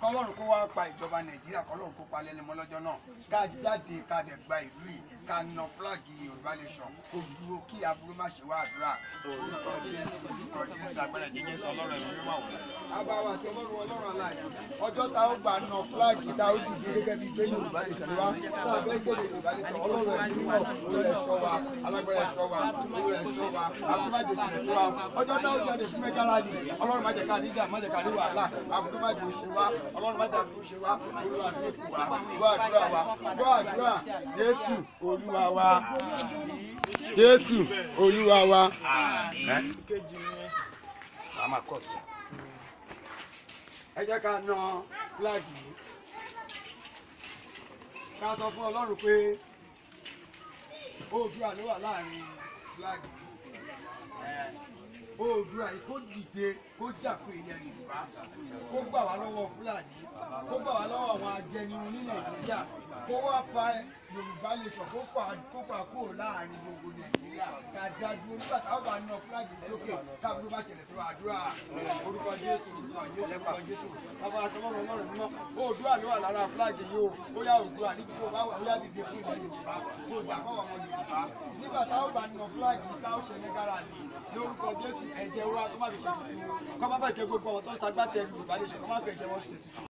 kọlọ́run kó wá pa ìjọba nàìjíríà kọlọ́run kó pa lẹ́nu mọ́lọ́jọ́ náà ká jáde ká dẹ̀ gba ìlú yìí ká na fúlàgì yorùbá nation kó dúró kí aburú má ṣe wá àdúrà agbára ìjẹjẹ sọ ọlọ́run ẹ̀rọ mímọ́ àwọn. abawa àti ọlọ́run ọlọ́run aláàyè ọjọ́ tá ó gbà nà fúláàgì tá ó dìde gẹ́gẹ́ bíi pé yorùbá lè ṣẹlẹ̀ wá tá a bẹ́ẹ̀ gbèrè yorùbá lè sọ ọlọ́run ẹ̀rọ mímọ́ olú ẹ̀ṣọ́ wa alágbára ẹ̀ṣọ́ wa olú ẹ̀ṣọ́ wa akúmájò ṣẹlẹ̀ sí wa ọjọ́ tá ó jáde fún mẹ́kálá ni ọlọ́run má jẹ́ ká ní ìjà má jẹ́ ká ní wàhálà akúmájò ṣe wa ọlọ́run má jẹ́ ká ṣe wa olúwa ṣe fún wa gbọ́ àdúrà wa gbọ́ àdúrà Jésù olúwa wa Jésù olúwa wa a máa kọ̀ sí. ẹ jẹ́ ká na fúláàgì yìí ká sọ fún ọlọ́run pé oòdùà ló wà láàrin fúláàgì oòdùà yìí kó dìde kó jà fún ilẹ̀ yorùbá kó gbà wá lọ́wọ́ fúlàní kó gbà wá lọ́wọ́ àwọn ajẹnirun ní nàìjíríà kó wá pa yorùbá lè sọ kó pa kó pa kúrò láàrin gbogbo nàìjíríà dáadáa dúró nígbà táwọn bá ná fúlàgì lókè táàbùrú bá ṣẹlẹ̀ sọ̀rọ̀ àdúrà orúkọ jésù orúkọ jésù orúkọ jésù bàbá àtọmọ́rọ̀ ọlọ́run mímọ́ oòdùà ló wà lára fúlàgì yìí o ó yá oòdùà níbi tó bá wà ó yá dìde fún ilẹ̀ yorùbá kó dà kọ́ ọmọ yorùbá nígbà táwọn bá ná fúlàgì táwọn ṣẹlẹ̀ gara ni lórúkọ jésù ẹ̀jẹ̀ wa kó má fi ṣe tuntun kó má bàjẹ́ gbogbo àwọn tó ń sagbátẹ̀ yorùbá lè ṣe kó má fẹ́ jẹ́ wọ́n ṣe